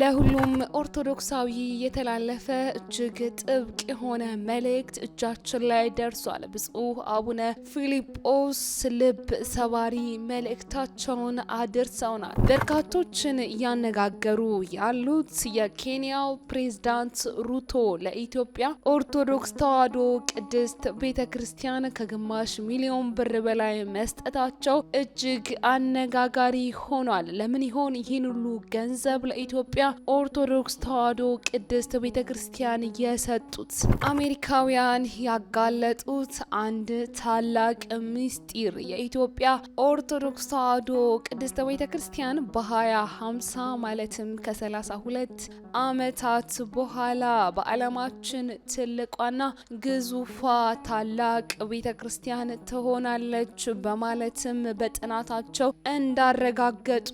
ለሁሉም ኦርቶዶክሳዊ የተላለፈ እጅግ ጥብቅ የሆነ መልእክት እጃችን ላይ ደርሷል። ብፁዕ አቡነ ፊልጶስ ልብ ሰባሪ መልእክታቸውን አድርሰውናል። በርካቶችን እያነጋገሩ ያሉት የኬንያው ፕሬዝዳንት ሩቶ ለኢትዮጵያ ኦርቶዶክስ ተዋሕዶ ቅድስት ቤተ ክርስቲያን ከግማሽ ሚሊዮን ብር በላይ መስጠታቸው እጅግ አነጋጋሪ ሆኗል። ለምን ይሆን ይህን ሁሉ ገንዘብ ለኢትዮጵያ ኢትዮጵያ ኦርቶዶክስ ተዋሕዶ ቅድስት ቤተ ክርስቲያን የሰጡት አሜሪካውያን ያጋለጡት አንድ ታላቅ ምስጢር የኢትዮጵያ ኦርቶዶክስ ተዋሕዶ ቅድስት ቤተ ክርስቲያን በ2050 ማለትም ከ32 ዓመታት በኋላ በዓለማችን ትልቋና ግዙፏ ታላቅ ቤተ ክርስቲያን ትሆናለች በማለትም በጥናታቸው እንዳረጋገጡ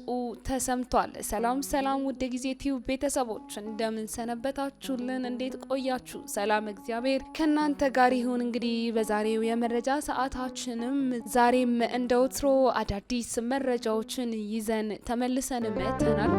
ተሰምቷል። ሰላም ሰላም፣ ውድ ጊዜ ዩቲዩብ ቤተሰቦች እንደምን ሰነበታችሁልን? እንዴት ቆያችሁ? ሰላም እግዚአብሔር ከእናንተ ጋር ይሁን። እንግዲህ በዛሬው የመረጃ ሰዓታችንም ዛሬም እንደ ወትሮ አዳዲስ መረጃዎችን ይዘን ተመልሰን መጥተናል።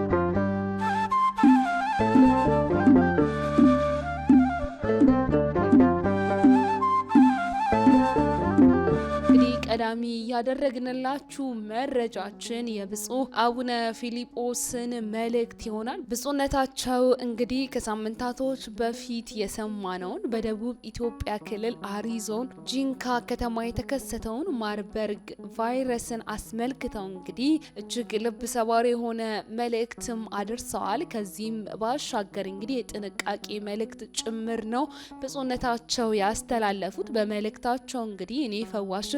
ቀዳሚ ያደረግንላችሁ መረጃችን የብፁዕ አቡነ ፊሊጶስን መልእክት ይሆናል። ብፁዕነታቸው እንግዲህ ከሳምንታቶች በፊት የሰማነውን በደቡብ ኢትዮጵያ ክልል አሪ ዞን ጂንካ ከተማ የተከሰተውን ማርበርግ ቫይረስን አስመልክተው እንግዲህ እጅግ ልብ ሰባሪ የሆነ መልእክትም አድርሰዋል። ከዚህም ባሻገር እንግዲህ የጥንቃቄ መልእክት ጭምር ነው ብፁዕነታቸው ያስተላለፉት። በመልእክታቸው እንግዲህ እኔ ፈዋሽ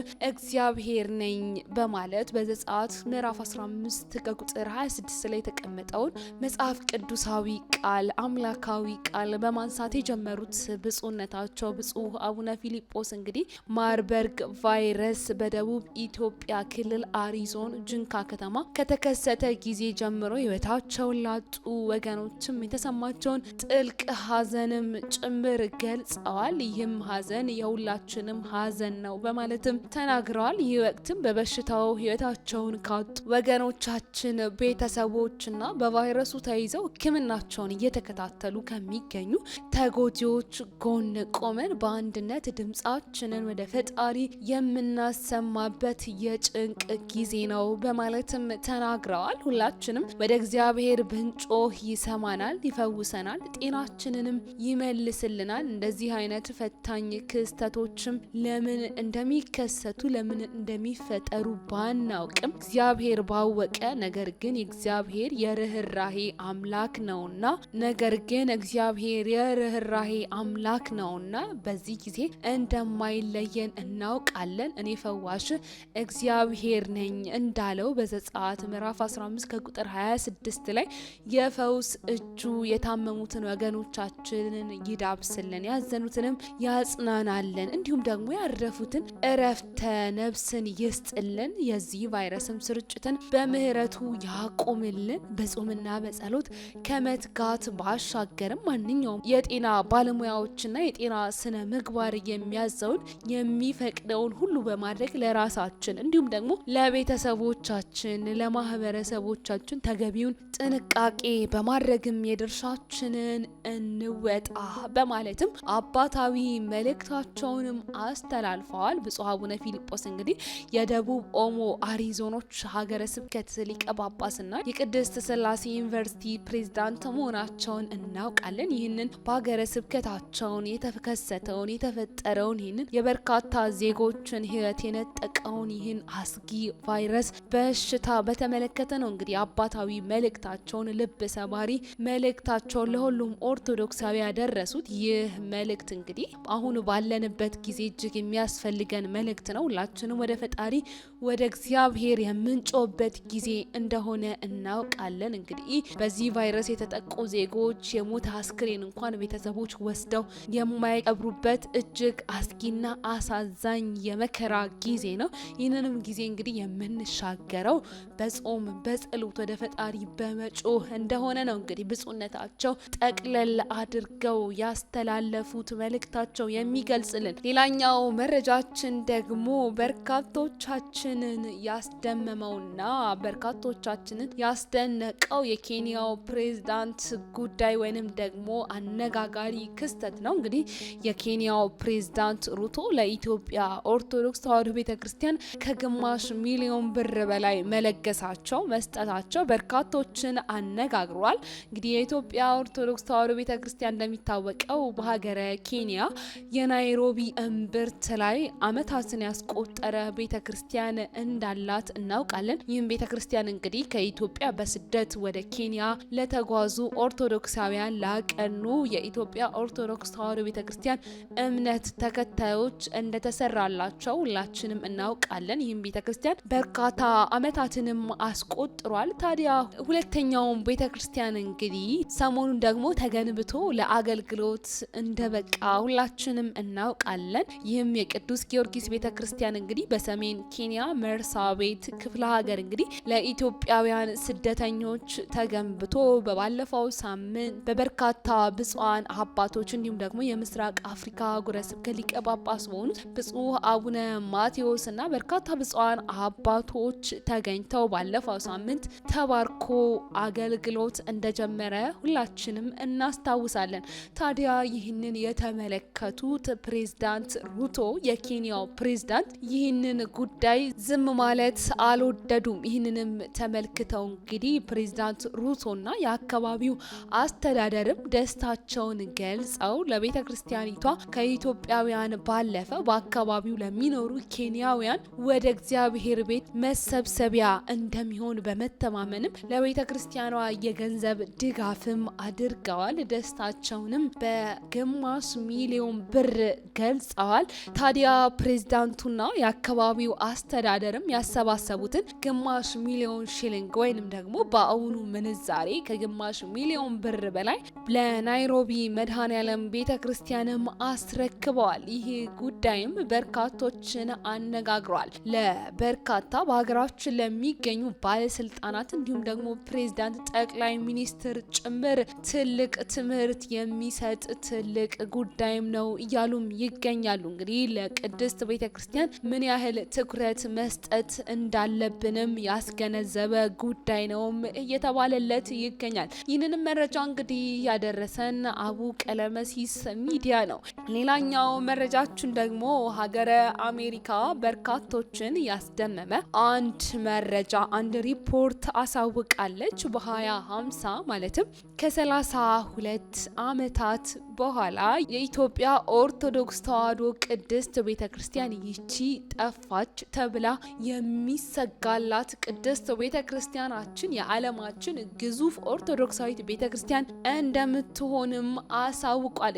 እግዚአብሔር ነኝ በማለት በዘጸአት ምዕራፍ 15 ከቁጥር 26 ላይ የተቀመጠውን መጽሐፍ ቅዱሳዊ ቃል አምላካዊ ቃል በማንሳት የጀመሩት ብፁዕነታቸው ብፁዕ አቡነ ፊሊጶስ እንግዲህ ማርበርግ ቫይረስ በደቡብ ኢትዮጵያ ክልል አሪዞን ጅንካ ከተማ ከተከሰተ ጊዜ ጀምሮ ሕይወታቸውን ላጡ ወገኖችም የተሰማቸውን ጥልቅ ሐዘንም ጭምር ገልጸዋል። ይህም ሐዘን የሁላችንም ሐዘን ነው በማለትም ተናግረዋል። መክረዋል። ይህ ወቅትም በበሽታው ህይወታቸውን ካጡ ወገኖቻችን ቤተሰቦችና በቫይረሱ ተይዘው ህክምናቸውን እየተከታተሉ ከሚገኙ ተጎጂዎች ጎን ቆመን በአንድነት ድምፃችንን ወደ ፈጣሪ የምናሰማበት የጭንቅ ጊዜ ነው በማለትም ተናግረዋል። ሁላችንም ወደ እግዚአብሔር ብንጮህ ይሰማናል፣ ይፈውሰናል፣ ጤናችንንም ይመልስልናል። እንደዚህ አይነት ፈታኝ ክስተቶችም ለምን እንደሚከሰቱ ለምን እንደሚፈጠሩ ባናውቅም እግዚአብሔር ባወቀ፣ ነገር ግን እግዚአብሔር የርኅራሄ አምላክ ነውና ነገር ግን እግዚአብሔር የርኅራሄ አምላክ ነውና በዚህ ጊዜ እንደማይለየን እናውቃለን። እኔ ፈዋሽ እግዚአብሔር ነኝ እንዳለው በዘጸአት ምዕራፍ 15 ከቁጥር 26 ላይ የፈውስ እጁ የታመሙትን ወገኖቻችንን ይዳብስልን፣ ያዘኑትንም ያጽናናለን፣ እንዲሁም ደግሞ ያረፉትን እረፍተን ነፍስን ይስጥልን። የዚህ ቫይረስም ስርጭትን በምህረቱ ያቆምልን። በጾምና በጸሎት ከመትጋት ባሻገርም ማንኛውም የጤና ባለሙያዎችና የጤና ስነ ምግባር የሚያዘውን የሚፈቅደውን ሁሉ በማድረግ ለራሳችን እንዲሁም ደግሞ ለቤተሰቦቻችን፣ ለማህበረሰቦቻችን ተገቢውን ጥንቃቄ በማድረግም የድርሻችንን እንወጣ በማለትም አባታዊ መልእክታቸውንም አስተላልፈዋል። ብፁዕ አቡነ ፊልጶስ ጳጳስ እንግዲህ የደቡብ ኦሞ አሪዞኖች ሀገረ ስብከት ሊቀ ጳጳስና የቅድስት ስላሴ ዩኒቨርሲቲ ፕሬዝዳንት መሆናቸውን እናውቃለን። ይህንን በሀገረ ስብከታቸውን የተከሰተውን የተፈጠረውን ይህንን የበርካታ ዜጎችን ህይወት የነጠቀውን ይህን አስጊ ቫይረስ በሽታ በተመለከተ ነው እንግዲህ አባታዊ መልእክታቸውን ልብ ሰባሪ መልእክታቸውን ለሁሉም ኦርቶዶክሳዊ ያደረሱት። ይህ መልእክት እንግዲህ አሁን ባለንበት ጊዜ እጅግ የሚያስፈልገን መልእክት ነው። ሁላችንም ወደ ፈጣሪ ወደ እግዚአብሔር የምንጮበት ጊዜ እንደሆነ እናውቃለን። እንግዲህ በዚህ ቫይረስ የተጠቁ ዜጎች የሞት አስክሬን እንኳን ቤተሰቦች ወስደው የማይቀብሩበት እጅግ አስጊና አሳዛኝ የመከራ ጊዜ ነው። ይህንንም ጊዜ እንግዲህ የምንሻገረው በጾም በጸሎት ወደ ፈጣሪ በመጮህ እንደሆነ ነው። እንግዲህ ብፁዕነታቸው ጠቅለል አድርገው ያስተላለፉት መልእክታቸው የሚገልጽልን ሌላኛው መረጃችን ደግሞ በርካቶቻችንን ያስደመመውና በርካቶቻችንን ያስደነቀው የኬንያው ፕሬዝዳንት ጉዳይ ወይንም ደግሞ አነጋጋሪ ክስተት ነው። እንግዲህ የኬንያው ፕሬዝዳንት ሩቶ ለኢትዮጵያ ኦርቶዶክስ ተዋሕዶ ቤተ ክርስቲያን ከግማሽ ሚሊዮን ብር በላይ መለገሳቸው መስጠታቸው በርካቶችን አነጋግሯል። እንግዲህ የኢትዮጵያ ኦርቶዶክስ ተዋሕዶ ቤተ ክርስቲያን እንደሚታወቀው በሀገረ ኬንያ የናይሮቢ እምብርት ላይ አመታትን ያስቆ የተፈጠረ ቤተ ክርስቲያን እንዳላት እናውቃለን። ይህም ቤተ ክርስቲያን እንግዲህ ከኢትዮጵያ በስደት ወደ ኬንያ ለተጓዙ ኦርቶዶክሳውያን ላቀኑ የኢትዮጵያ ኦርቶዶክስ ተዋሕዶ ቤተ ክርስቲያን እምነት ተከታዮች እንደተሰራላቸው ሁላችንም እናውቃለን። ይህም ቤተ ክርስቲያን በርካታ ዓመታትንም አስቆጥሯል። ታዲያ ሁለተኛውም ቤተ ክርስቲያን እንግዲህ ሰሞኑን ደግሞ ተገንብቶ ለአገልግሎት እንደበቃ ሁላችንም እናውቃለን። ይህም የቅዱስ ጊዮርጊስ ቤተ ክርስቲያን እንግዲህ በሰሜን ኬንያ መርሳቤት ክፍለ ሀገር እንግዲህ ለኢትዮጵያውያን ስደተኞች ተገንብቶ በባለፈው ሳምንት በበርካታ ብፁዓን አባቶች እንዲሁም ደግሞ የምስራቅ አፍሪካ ሀገረ ስብከት ሊቀ ጳጳስ በሆኑት ብፁዕ አቡነ ማቴዎስ እና በርካታ ብፁዓን አባቶች ተገኝተው ባለፈው ሳምንት ተባርኮ አገልግሎት እንደጀመረ ሁላችንም እናስታውሳለን። ታዲያ ይህንን የተመለከቱት ፕሬዝዳንት ሩቶ የኬንያው ፕሬዝዳንት ይህንን ጉዳይ ዝም ማለት አልወደዱም። ይህንንም ተመልክተው እንግዲህ ፕሬዚዳንት ሩቶና የአካባቢው አስተዳደርም ደስታቸውን ገልጸው ለቤተ ክርስቲያኒቷ ከኢትዮጵያውያን ባለፈ በአካባቢው ለሚኖሩ ኬንያውያን ወደ እግዚአብሔር ቤት መሰብሰቢያ እንደሚሆን በመተማመንም ለቤተ ክርስቲያኗ የገንዘብ ድጋፍም አድርገዋል። ደስታቸውንም በግማሽ ሚሊዮን ብር ገልጸዋል። ታዲያ ፕሬዚዳንቱና የአካባቢው አስተዳደርም ያሰባሰቡትን ግማሽ ሚሊዮን ሺሊንግ ወይንም ደግሞ በአሁኑ ምንዛሬ ከግማሽ ሚሊዮን ብር በላይ ለናይሮቢ መድኃኔዓለም ቤተ ክርስቲያንም አስረክበዋል። ይህ ጉዳይም በርካቶችን አነጋግሯል። ለበርካታ በሀገራችን ለሚገኙ ባለስልጣናት እንዲሁም ደግሞ ፕሬዚዳንት፣ ጠቅላይ ሚኒስትር ጭምር ትልቅ ትምህርት የሚሰጥ ትልቅ ጉዳይም ነው እያሉም ይገኛሉ። እንግዲህ ለቅድስት ቤተ ክርስቲያን ምን ያህል ትኩረት መስጠት እንዳለብንም ያስገነዘበ ጉዳይ ነውም እየተባለለት ይገኛል። ይህንንም መረጃ እንግዲህ ያደረሰን አቡ ቀለመሲስ ሚዲያ ነው። ሌላኛው መረጃችን ደግሞ ሀገረ አሜሪካ በርካቶችን ያስደመመ አንድ መረጃ አንድ ሪፖርት አሳውቃለች። በ2050 ማለትም ከ32 ዓመታት በኋላ የኢትዮጵያ ኦርቶዶክስ ተዋሕዶ ቅድስት ቤተ ክርስቲያን ይቺ ጠፋች ተብላ የሚሰጋላት ቅድስት ቤተ ክርስቲያናችን የዓለማችን ግዙፍ ኦርቶዶክሳዊት ቤተ ክርስቲያን እንደምትሆንም አሳውቋል።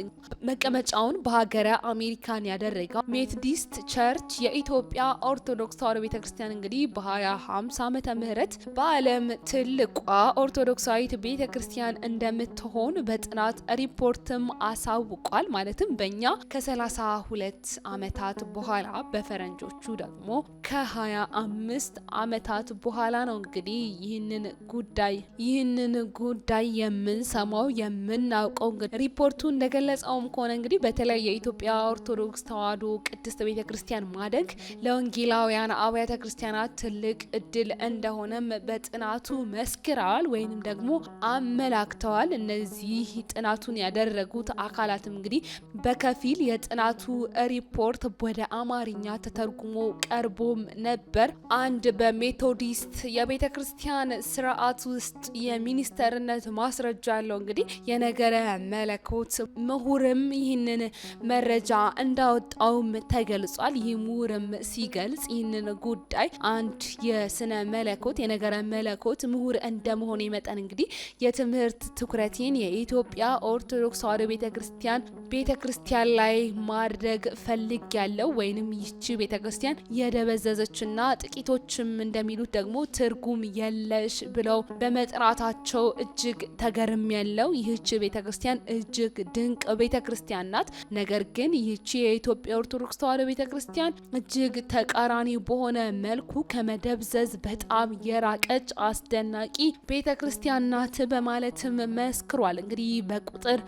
መቀመጫውን በሀገረ አሜሪካን ያደረገው ሜትዲስት ቸርች የኢትዮጵያ ኦርቶዶክስ ተዋሕዶ ቤተ ክርስቲያን እንግዲህ በ2050 ዓመተ ምህረት በዓለም ትልቋ ኦርቶዶክሳዊት ቤተ ክርስቲያን እንደምትሆን በጥናት ሪፖርትም አሳውቋል። ማለትም በእኛ ከ32 ዓመታት በኋላ በፈረ በፈረንጆቹ ደግሞ ከሀያ አምስት አመታት በኋላ ነው እንግዲህ ይህንን ጉዳይ ይህንን ጉዳይ የምንሰማው የምናውቀው። እንግዲህ ሪፖርቱ እንደገለጸውም ከሆነ እንግዲህ በተለይ የኢትዮጵያ ኦርቶዶክስ ተዋሕዶ ቅድስት ቤተ ክርስቲያን ማደግ ለወንጌላውያን አብያተ ክርስቲያናት ትልቅ እድል እንደሆነም በጥናቱ መስክረዋል ወይንም ደግሞ አመላክተዋል። እነዚህ ጥናቱን ያደረጉት አካላትም እንግዲህ በከፊል የጥናቱ ሪፖርት ወደ አማርኛ ተርጉሞ ቀርቦም ነበር። አንድ በሜቶዲስት የቤተ ክርስቲያን ስርዓት ውስጥ የሚኒስተርነት ማስረጃ ያለው እንግዲህ የነገረ መለኮት ምሁርም ይህንን መረጃ እንዳወጣውም ተገልጿል። ይህ ምሁርም ሲገልጽ ይህንን ጉዳይ አንድ የስነ መለኮት የነገረ መለኮት ምሁር እንደመሆን መጠን እንግዲህ የትምህርት ትኩረቴን የኢትዮጵያ ኦርቶዶክስ ተዋሕዶ ቤተ ክርስቲያን ቤተ ክርስቲያን ላይ ማድረግ ፈልግ ያለው ወይንም ይቺ ቤተ ክርስቲያን የደበዘዘችና ጥቂቶችም እንደሚሉት ደግሞ ትርጉም የለሽ ብለው በመጥራታቸው እጅግ ተገርም ያለው ይህች ቤተ ክርስቲያን እጅግ ድንቅ ቤተ ክርስቲያን ናት። ነገር ግን ይህቺ የኢትዮጵያ ኦርቶዶክስ ተዋሕዶ ቤተ ክርስቲያን እጅግ ተቃራኒ በሆነ መልኩ ከመደብዘዝ በጣም የራቀች አስደናቂ ቤተ ክርስቲያን ናት በማለትም መስክሯል። እንግዲህ በቁጥር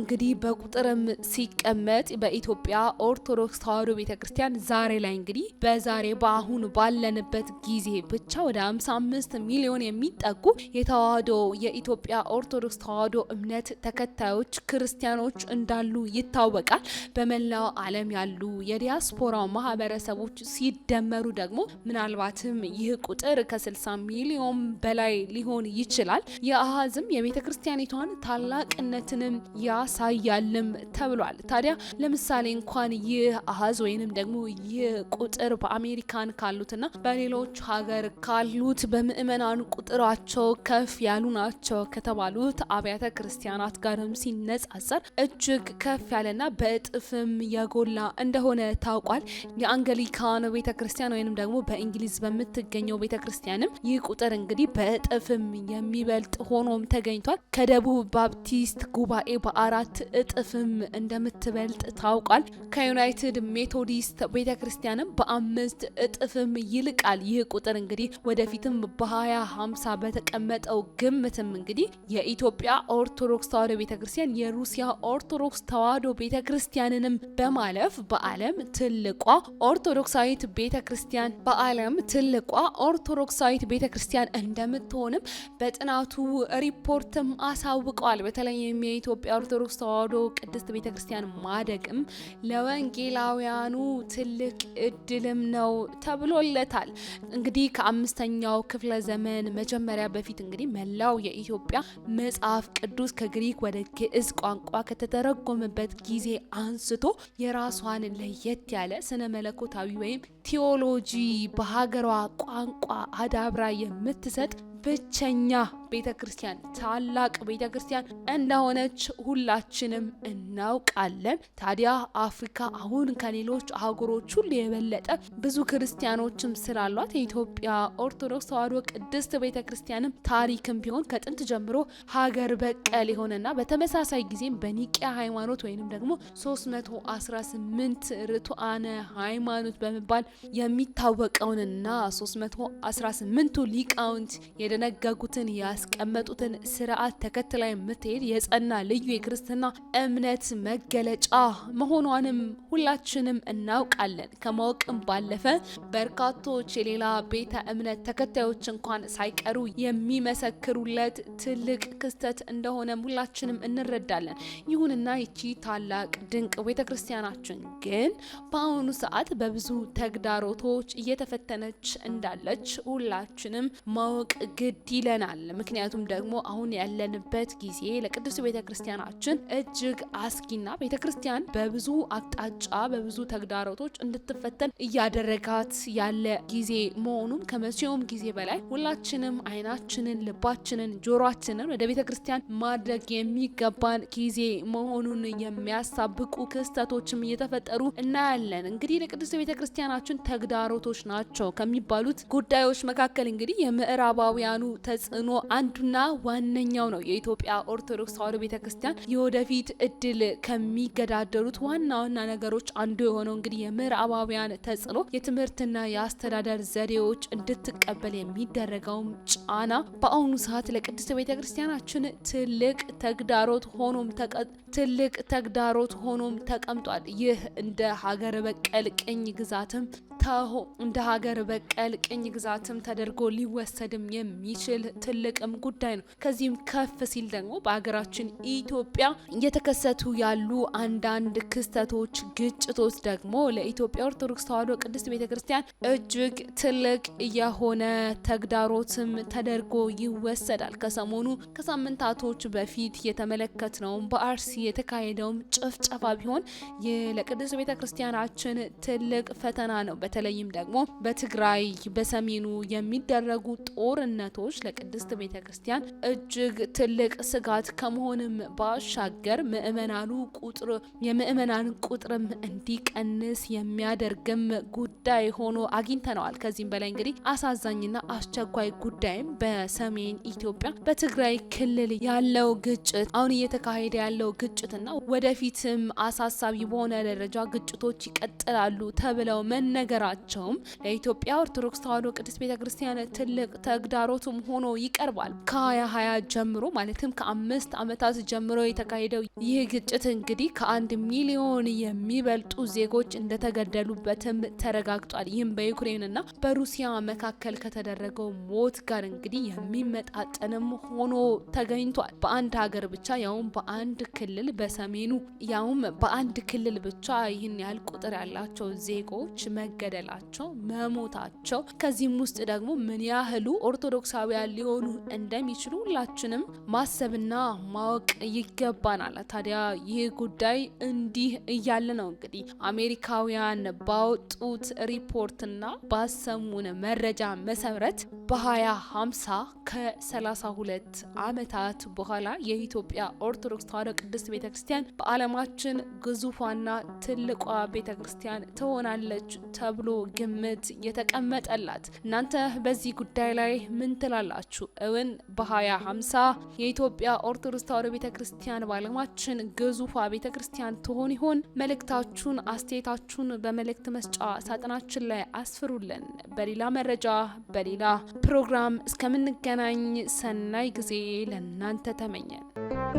እንግዲህ በቁጥርም ሲቀመጥ በኢትዮጵያ ኦርቶዶክስ ተዋሕዶ ቤተ ክርስቲያን ዛሬ ላይ እንግዲህ በዛሬ በአሁኑ ባለንበት ጊዜ ብቻ ወደ 55 ሚሊዮን የሚጠጉ የተዋህዶ የኢትዮጵያ ኦርቶዶክስ ተዋህዶ እምነት ተከታዮች ክርስቲያኖች እንዳሉ ይታወቃል። በመላው ዓለም ያሉ የዲያስፖራ ማህበረሰቦች ሲደመሩ ደግሞ ምናልባትም ይህ ቁጥር ከ60 ሚሊዮን በላይ ሊሆን ይችላል። የአሃዝም የቤተ ክርስቲያኒቷን ታላቅነትንም ያሳያልም ተብሏል። ታዲያ ለምሳሌ እንኳን ይህ አሃዝ ወይንም ደግሞ ይህ ቁጥር በአሜሪካን ካሉትና በሌሎች ሀገር ካሉት በምእመናን ቁጥራቸው ከፍ ያሉ ናቸው ከተባሉት አብያተ ክርስቲያናት ጋርም ሲነጻጸር እጅግ ከፍ ያለና በእጥፍም የጎላ እንደሆነ ታውቋል። የአንገሊካን ቤተ ክርስቲያን ወይንም ደግሞ በእንግሊዝ በምትገኘው ቤተ ክርስቲያንም ይህ ቁጥር እንግዲህ በእጥፍም የሚበልጥ ሆኖም ተገኝቷል። ከደቡብ ባፕቲስት ጉባኤ በአራት እጥፍም እንደምትበልጥ ታውቋል። ከዩናይትድ ሜቶዲስት ቤተ ክርስቲያን ክርስቲያንም በአምስት እጥፍም ይልቃል። ይህ ቁጥር እንግዲህ ወደፊትም በሀያ ሀምሳ በተቀመጠው ግምትም እንግዲህ የኢትዮጵያ ኦርቶዶክስ ተዋህዶ ቤተ ክርስቲያን የሩሲያ ኦርቶዶክስ ተዋዶ ቤተ ክርስቲያንንም በማለፍ በዓለም ትልቋ ኦርቶዶክሳዊት ቤተ ክርስቲያን በዓለም ትልቋ ኦርቶዶክሳዊት ቤተ ክርስቲያን እንደምትሆንም በጥናቱ ሪፖርትም አሳውቀዋል። በተለይም የኢትዮጵያ ኦርቶዶክስ ተዋህዶ ቅድስት ቤተ ክርስቲያን ማደግም ለወንጌላውያኑ ትልቅ እድልም ነው ተብሎለታል። እንግዲህ ከአምስተኛው ክፍለ ዘመን መጀመሪያ በፊት እንግዲህ መላው የኢትዮጵያ መጽሐፍ ቅዱስ ከግሪክ ወደ ግዕዝ ቋንቋ ከተተረጎመበት ጊዜ አንስቶ የራሷን ለየት ያለ ስነ መለኮታዊ ወይም ቴዎሎጂ በሀገሯ ቋንቋ አዳብራ የምትሰጥ ብቸኛ ቤተ ክርስቲያን ታላቅ ቤተ ክርስቲያን እንደሆነች ሁላችንም እናውቃለን። ታዲያ አፍሪካ አሁን ከሌሎች አህጉሮች ሁሉ የበለጠ ብዙ ክርስቲያኖችም ስላሏት የኢትዮጵያ ኦርቶዶክስ ተዋሕዶ ቅድስት ቤተ ክርስቲያንም ታሪክም ቢሆን ከጥንት ጀምሮ ሀገር በቀል የሆነና በተመሳሳይ ጊዜም በኒቂያ ሃይማኖት ወይንም ደግሞ 318 ርቱአነ ሃይማኖት በመባል የሚታወቀውንና 318ቱ ሊቃውንት የደነገጉትን ያ ያስቀመጡትን ስርዓት ተከትላ የምትሄድ የጸና ልዩ የክርስትና እምነት መገለጫ መሆኗንም ሁላችንም እናውቃለን። ከማወቅም ባለፈ በርካቶች የሌላ ቤተ እምነት ተከታዮች እንኳን ሳይቀሩ የሚመሰክሩለት ትልቅ ክስተት እንደሆነም ሁላችንም እንረዳለን። ይሁንና ይቺ ታላቅ ድንቅ ቤተ ክርስቲያናችን ግን በአሁኑ ሰዓት በብዙ ተግዳሮቶች እየተፈተነች እንዳለች ሁላችንም ማወቅ ግድ ይለናል። ምክንያቱም ደግሞ አሁን ያለንበት ጊዜ ለቅዱስ ቤተ ክርስቲያናችን እጅግ አስጊና ቤተ ክርስቲያን በብዙ አቅጣጫ በብዙ ተግዳሮቶች እንድትፈተን እያደረጋት ያለ ጊዜ መሆኑን ከመቼውም ጊዜ በላይ ሁላችንም አይናችንን፣ ልባችንን፣ ጆሯችንን ወደ ቤተ ክርስቲያን ማድረግ የሚገባን ጊዜ መሆኑን የሚያሳብቁ ክስተቶችም እየተፈጠሩ እናያለን። እንግዲህ ለቅዱስ ቤተ ክርስቲያናችን ተግዳሮቶች ናቸው ከሚባሉት ጉዳዮች መካከል እንግዲህ የምዕራባውያኑ ተጽዕኖ አንዱና ዋነኛው ነው። የኢትዮጵያ ኦርቶዶክስ ተዋሕዶ ቤተ ክርስቲያን የወደፊት እድል ከሚገዳደሩት ዋና ዋና ነገሮች አንዱ የሆነው እንግዲህ የምዕራባውያን ተጽዕኖ የትምህርትና የአስተዳደር ዘዴዎች እንድትቀበል የሚደረገውም ጫና በአሁኑ ሰዓት ለቅድስት ቤተ ክርስቲያናችን ትልቅ ተግዳሮት ሆኖም ትልቅ ተግዳሮት ሆኖም ተቀምጧል። ይህ እንደ ሀገር በቀል ቅኝ ግዛትም ተሆ እንደ ሀገር በቀል ቅኝ ግዛትም ተደርጎ ሊወሰድም የሚችል ትልቅ የሚጠቅም ጉዳይ ነው። ከዚህም ከፍ ሲል ደግሞ በሀገራችን ኢትዮጵያ እየተከሰቱ ያሉ አንዳንድ ክስተቶች፣ ግጭቶች ደግሞ ለኢትዮጵያ ኦርቶዶክስ ተዋሕዶ ቅድስት ቤተ ክርስቲያን እጅግ ትልቅ የሆነ ተግዳሮትም ተደርጎ ይወሰዳል። ከሰሞኑ ከሳምንታቶች በፊት የተመለከትነውም በአርሲ የተካሄደውም ጭፍጨፋ ቢሆን ይህ ለቅድስት ቤተ ክርስቲያናችን ትልቅ ፈተና ነው። በተለይም ደግሞ በትግራይ በሰሜኑ የሚደረጉ ጦርነቶች ለቅድስት ቤተ ቤተ ክርስቲያን እጅግ ትልቅ ስጋት ከመሆንም ባሻገር ምእመናኑ ቁጥር የምእመናን ቁጥርም እንዲቀንስ የሚያደርግም ጉዳይ ሆኖ አግኝተነዋል። ከዚህም በላይ እንግዲህ አሳዛኝና አስቸኳይ ጉዳይም በሰሜን ኢትዮጵያ በትግራይ ክልል ያለው ግጭት አሁን እየተካሄደ ያለው ግጭትና ወደፊትም አሳሳቢ በሆነ ደረጃ ግጭቶች ይቀጥላሉ ተብለው መነገራቸውም ለኢትዮጵያ ኦርቶዶክስ ተዋሕዶ ቅድስት ቤተ ክርስቲያን ትልቅ ተግዳሮትም ሆኖ ይቀርባል። ተናግረዋል። ከ2020 ጀምሮ ማለትም ከአምስት ዓመታት ጀምሮ የተካሄደው ይህ ግጭት እንግዲህ ከአንድ ሚሊዮን የሚበልጡ ዜጎች እንደተገደሉበትም ተረጋግጧል። ይህም በዩክሬንና በሩሲያ መካከል ከተደረገው ሞት ጋር እንግዲህ የሚመጣጠንም ሆኖ ተገኝቷል። በአንድ ሀገር ብቻ ያውም በአንድ ክልል በሰሜኑ ያውም በአንድ ክልል ብቻ ይህን ያህል ቁጥር ያላቸው ዜጎች መገደላቸው፣ መሞታቸው ከዚህም ውስጥ ደግሞ ምን ያህሉ ኦርቶዶክሳዊያን ሊሆኑ እንደሚችሉ ሁላችንም ማሰብና ማወቅ ይገባናል። ታዲያ ይህ ጉዳይ እንዲህ እያለ ነው እንግዲህ አሜሪካውያን ባወጡት ሪፖርትና ባሰሙን መረጃ መሰረት በ2050 ከ32 ዓመታት በኋላ የኢትዮጵያ ኦርቶዶክስ ተዋሕዶ ቅድስት ቤተ ክርስቲያን በዓለማችን ግዙፏና ትልቋ ቤተ ክርስቲያን ትሆናለች ተብሎ ግምት የተቀመጠላት። እናንተ በዚህ ጉዳይ ላይ ምን ትላላችሁ? እውን ቀን በ2050 የኢትዮጵያ ኦርቶዶክስ ተዋሕዶ ቤተ ክርስቲያን በዓለማችን ግዙፏ ቤተ ክርስቲያን ትሆን ይሆን? መልእክታችሁን፣ አስተያየታችሁን በመልእክት መስጫ ሳጥናችን ላይ አስፍሩልን። በሌላ መረጃ በሌላ ፕሮግራም እስከምንገናኝ ሰናይ ጊዜ ለእናንተ ተመኘን።